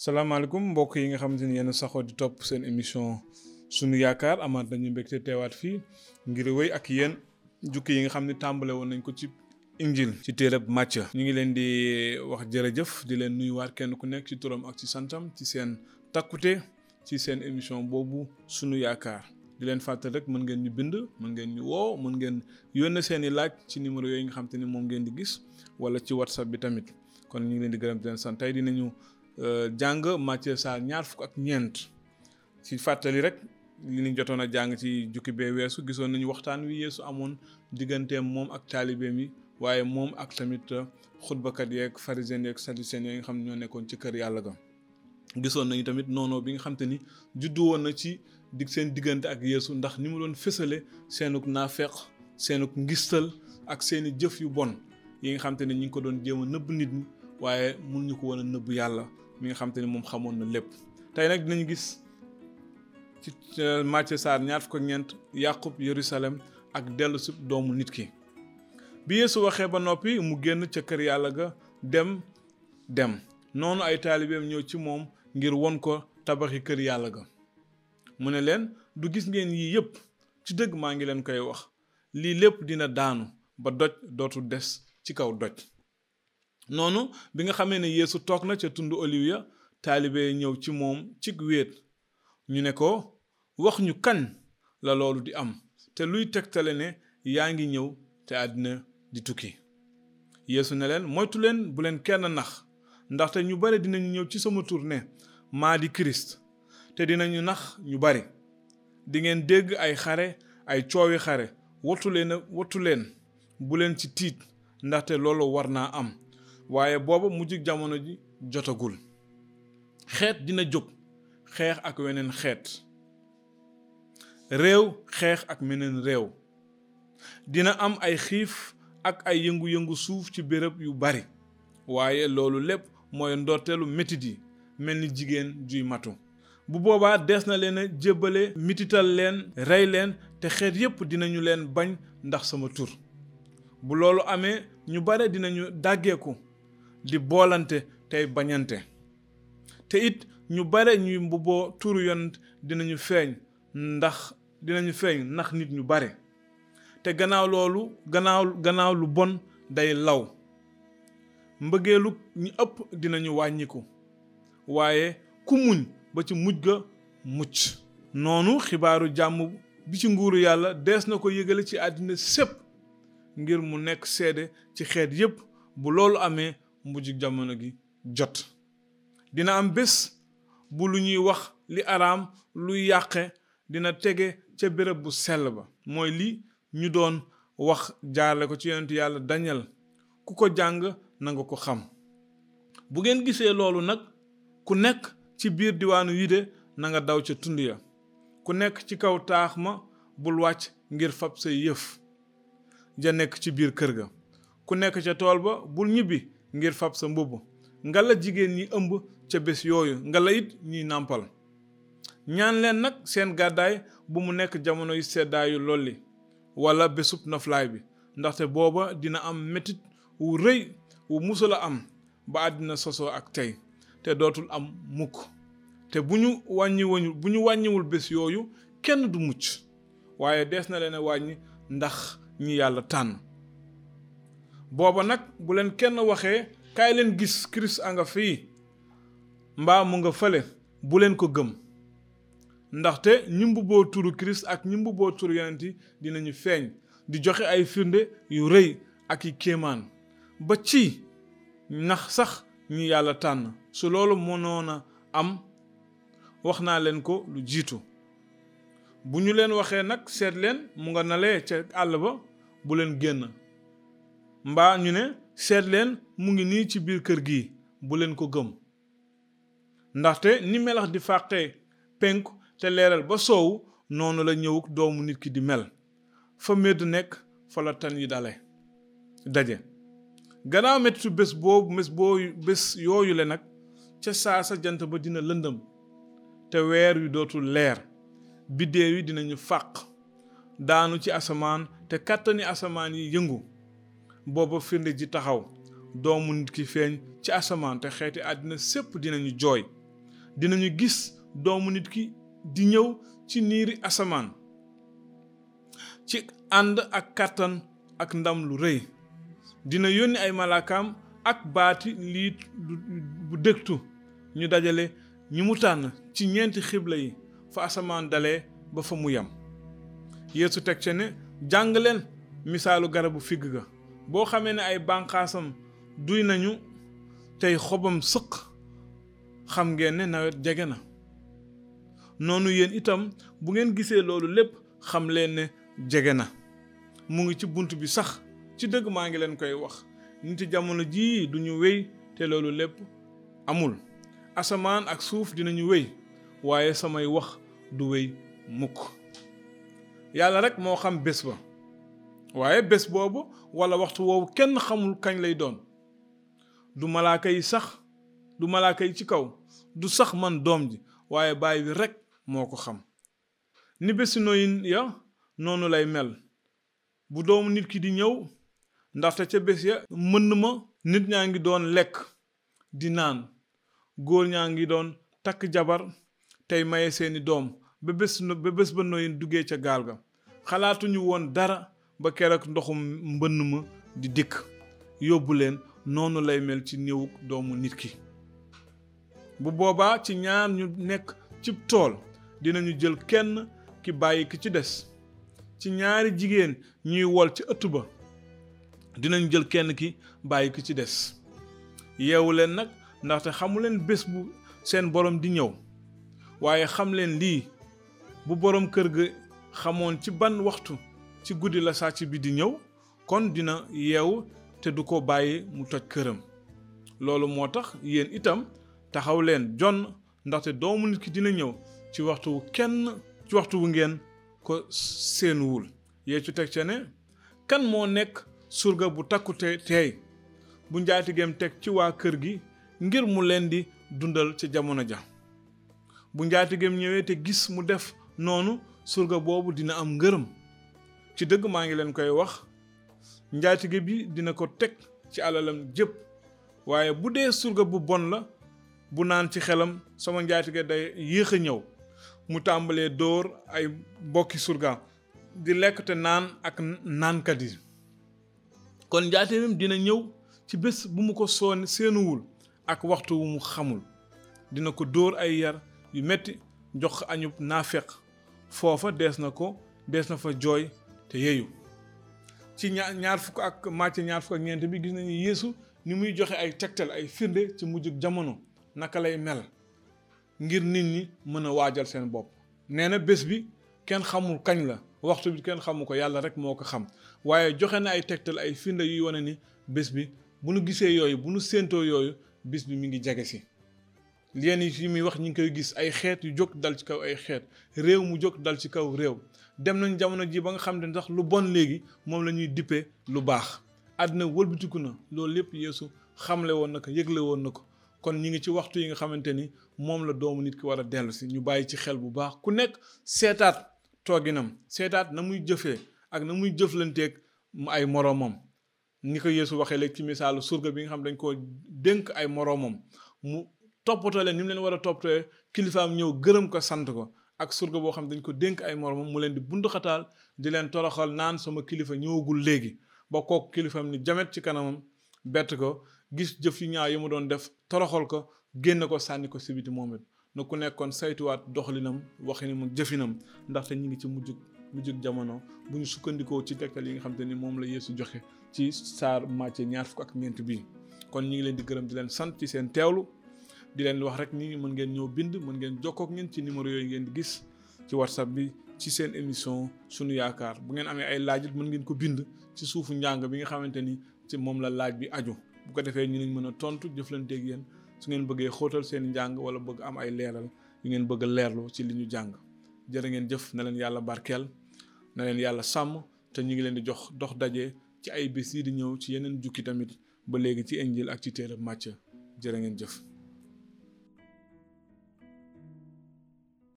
salaamaaleykum mbokk yi nga xamante ni yéen saxoo di topp seen émission sunu yaakaar amaat dañuy mbégte teewaat fii ngir wéy ak yéen jukki yi nga xam ne tàmbale woon nañ ko ci injil ci téereb Macë ñu ngi leen di wax jërëjëf di leen nuyuwaat kenn ku nekk ci turam ak ci santam ci seen takkute ci seen émission boobu sunu yaakaar di leen fàttali rek mën ngeen ñu bind mën ngeen ñu woo mën ngeen yónnee seen i laaj ci numéro yooyu nga xam te moom ngeen di gis wala ci whatsapp bi tamit kon ñu ngi leen di gërëm sant tey dinañu Euh, jàng Matthieu Sarr ñaar fukk ak ñeent ci fàttali rek li ñu jotoon a jàng ci jukki bee weesu gisoon nañu waxtaan wi yéesu amoon digganteem moom ak taalibeem yi waaye moom ak tamit euh, xutbakat yeeg pharisien yeeg sadducéen yi nga xam ne ñoo nekkoon ci kër yàlla ga gisoon nañu tamit noonoo bi nga xam ni juddu woon na ci dig seen diggante ak yeesu ndax ni mu doon fësale seenuk naafeq seenuk ngistal ak seeni jëf yu bon yi nga xam ne ñu ngi ko doon jéem a nëbb nit waaye mënuñu ko woon a nëbb yàlla mi nga xam te moom xamoon na lépp tey nag dinañ gis ci euh, Matthieu Sarr ñaar fukk ak ñeent Yàqub Yerusalem ak dellu doomu nit ki bi Yeesu waxee ba noppi mu génn ca kër yàlla ga dem dem noonu ay taalibeem ñëw ci moom ngir won ko tabaxi kër yàlla ga mu ne leen du gis ngeen yii yépp ci dëgg maa ngi leen koy wax lii lépp dina daanu ba doj dootu des ci kaw doj noonu bi nga xamee ne yéesu toog na ca tund oliw ya taalibe ñëw ci moom cig wéet ñu ne ko wax ñu kañ la loolu di am te luy tegtale ne yaa ngi ñëw te àddina di tukki yéesu ne leen moytu leen bu kenn nax ndaxte ñu bari dinañu ñëw ci sama tur ne maa di kirist te dinañu nax ñu bari di ngeen dégg ay xare ay coowi xare wattu leen wattu bu leen ci tiit ndaxte loolu war naa am waaye booba mujj jamono ji jotagul xeet dina jóg xeex ak weneen xeet réew xeex ak meneen réew dina am ay xiif ak ay yëngu-yëngu suuf ci bërëb yu bari waaye loolu lépp mooy ndorteelu metit yi mel ni jigéen juy matu bu boobaa des na leen jébbale mitital leen rey leen te xeet yépp dinañu leen bañ ndax sama tur bu loolu amee ñu bare dinañu dàggeeku di boolante tey bañante te it ñu bare ñuy mbubboo turu yonent dinañu feeñ ndax dinañu feeñ ndax nit ñu bare te gannaaw loolu gannaaw gannaaw lu bon day law mbëggeelu ñu ëpp dinañu wàññiku waaye ku muñ ba ci mujj ga mucc noonu xibaaru jàmm bi ci nguuru yàlla dees na ko yëgale ci àddina sépp ngir mu nekk seede ci xeet yépp bu loolu amee mujj jamono gi jot dina am bés bu lu ñuy wax li araam luy yàqe dina tege ca bëréb bu sell ba mooy li ñu doon wax jaarle ko ci yonent yàlla dañal ku ko jàng nanga ko xam bu ngeen gisee loolu nag ku nekk ci biir diwaanu yi de na daw ca tund ya ku nekk ci kaw taax ma bul wàcc ngir fab say yëf ja nekk ci biir kër ga ku nekk ca tool ba bul ñibbi ngir fab sa mbubb nga la jigéen ñi ëmb ca bés yooyu nga la it ñiy nàmpal ñaan leen nag seen gàddaay bu mu nekk jamono yu seddaayu lolli walla bésub noflaay bi ndaxte booba dina am metit wu rëy wu musula am ba àddina soso ak tey te dootul am mukk te bu ñu wàññiwul bés yooyu kenn du mucc waaye des na leen a wàññi ndax ñi yàlla tànn booba nag bu leen kenn waxee kaay leen gis Christ a nga fii mbaa mu nga fale bu leen ko gëm ndaxte ñi mbubboo turu Christ ak ñi mbubboo turu yonent dinañu feeñ di joxe ay firnde yu rëy ak i kéemaan ba ci nax sax ñi yàlla tànn su loolu mënoon a am wax naa leen ko lu jiitu bu ñu leen waxee nag seet leen mu nga nale ca àll ba bu leen génn mbaa ñu ne seet leen mu ngi nii ci biir kër gi bu leen ko gëm ndaxte ni melax di fàqee penku te leeral ba soowu noonu la ñëwuk doomu nit ki di mel fa medd nekk fa yi dale daje gannaaw mettitu bés boobu bés boobu bés yooyu le nag ca saa sa jant ba dina lëndëm te weer wi dootul leer biddéew yi dinañu fàq daanu ci asamaan te kàttani asamaan yi yëngu booba firnde ji taxaw doomu nit ki feeñ ci asamaan te xeeti àddina sépp dinañu jooy dinañu gis doomu nit ki di ñëw ci niiri asamaan ci ànd ak kàttan ak ndam lu rëy dina yónni ay malaakaam ak baati liit bu dëgtu ñu dajale ñi mu tànn ci ñeenti xibla yi fa asamaan dalee ba fa mu yam yéesu teg ca ne jàng leen misaalu garabu figg ga boo xamee ne ay bànqaasam duy nañu tey xobam sëq xam ngeen ne nawet jege na noonu yéen itam bu ngeen gisee loolu lépp xam leen ne jege na mu ngi ci bunt bi sax ci dëgg maa ngi leen koy wax nit jamono jii duñu wéy te loolu lépp amul asamaan ak suuf dinañu wéy waaye samay wax du wéy mukk yàlla rek moo xam bés ba waaye bés boobu wala waxtu woowu kenn xamul kañ lay doon du malaaka yi sax du malaaka yi ci kaw du sax man doom ji waaye bàyyi rekk moo ko xam ni bési nooyin ya noonu lay mel bu doomu nit ki di ñëw ndaxte ca bés ya mën ma nit ñaa ngi doon lekk di naan góor ñaa ngi doon takk jabar tey maye seeni doom ba bés ba bés ba nooyin duggee ca gaal ga xalaatuñu woon dara ba keroog ndoxum mbënn ma di dikk yóbbu leen noonu lay mel ci néew doomu nit ki bu boobaa ci ñaar ñu nekk ci tool dinañu jël kenn ki bàyyi ki ci des ci ñaari jigéen ñuy wol ca ëtt ba dinañu jël kenn ki bàyyi ki ci des yeewu leen nag ndaxte xamu leen bés bu seen borom di ñëw waaye xam leen lii bu boroom kër gi xamoon ci ban waxtu ci guddi la sàcc bi di ñëw kon dina yeewu te du ko bàyyi mu toj këram loolu moo tax yéen itam taxaw leen jonn ndaxte doomu nit ki dina ñëw ci waxtu wu kenn ci waxtu wu ngeen ko seenwul yee ci teg ca ne kan moo nekk surga bu takku te teey bu njaatigeem teg ci waa kër gi ngir mu leen di dundal ci jamono ja bu njaatigeem ñëwee te gis mu def noonu surga boobu dina am ngërëm ci dëgg maa ngi leen koy wax njaatige bi dina ko teg ci alalam jëpp waaye bu dee surga bu bon la bu naan ci xelam sama njaatige day yéex a ñëw mu tàmbalee dóor ay bokki surga di lekk te naan ak naankat yi kon njaatigem dina ñëw ci bés bu mu ko soone seenuwul ak waxtu wu mu xamul dina ko dóor ay yar yu metti jox añub naafeq foofa dees na ko dees na fa jooy te yeeyu ci ñaar ñaar fukk ak màcc ñaar fukk ak ñeent bi gis nañu yéesu ni muy joxe ay tegtal ay firnde ci mujjug jamono naka lay mel ngir nit ñi mën a waajal seen bopp nee na bés bi kenn xamul kañ la waxtu bi kenn xamu ko yàlla rek moo ko xam waaye joxe na ay tegtal ay firnde yuy wane ni bés bi bu nu gisee yooyu bu nu séentoo yooyu bés bi mi ngi jege si yenn yi muy wax ñu ngi koy gis ay xeet yu jóg dal ci kaw ay xeet réew mu jóg dal ci kaw réew dem nañ jamono ji ba nga xam ne sax lu bon léegi moom la ñuy dippee lu baax àddina wëlbatiku na loolu lépp yeesu xamle woon na ko yëgle woon na ko kon ñi ngi ci waxtu yi nga xamante ni moom la doomu nit ki war a dellu si ñu bàyyi ci xel bu baax ku nekk seetaat tooginam seetaat na muy jëfee ak na muy jëflanteeg ay moroomam ni ko yeesu waxee léegi ci misaalu surga bi nga xam dañ koo dénk ay moroomam mu toppatoo leen ni mu leen war a toppatoo kilifaam ñëw gërëm ko sant ko ak surga boo xam dañ ko dénk ay moromam mu leen di bundu xataal di leen toroxal naan sama kilifa ñëwagul léegi ba kooku kilifaam ni jamet ci kanamam bett ko gis jëf yu ñaaw yi mu doon def toroxal ko génn ko sànni ko si biti moom it na ku nekkoon saytuwaat doxalinam waxinam ma jëfinam ndaxte ñu ngi ci mujjug mujjug jamono bu ñu sukkandikoo ci tegtal yi nga xam te ni moom la Yeesu joxe ci saar Matthieu ñaar fukk ak ñeent bii kon ñu ngi leen di gërëm di leen sant ci seen teewlu di leen wax rek ni mën ngeen ñëw bind mën ngeen jokkoog ñun ci numéro yooyu ngeen di gis ci whatsapp bi ci seen émission sunu yaakaar bu ngeen amee ay laajit mën ngeen ko bind ci suufu njàng bi nga xamante ni ci moom la laaj bi aju bu ko defee ñu nañ mën a tontu jëflanteeg yéen su ngeen bëggee xóotal seen njàng wala bëgg am ay leeral yu ngeen bëgg leerlu ci li ñu jàng jërë ngeen jëf na leen yàlla barkeel na leen yàlla sàmm te ñu ngi leen di jox dox daje ci ay bés yi di ñëw ci yeneen jukki tamit ba léegi ci injil ak ci téerab màcc jërë ngeen jëf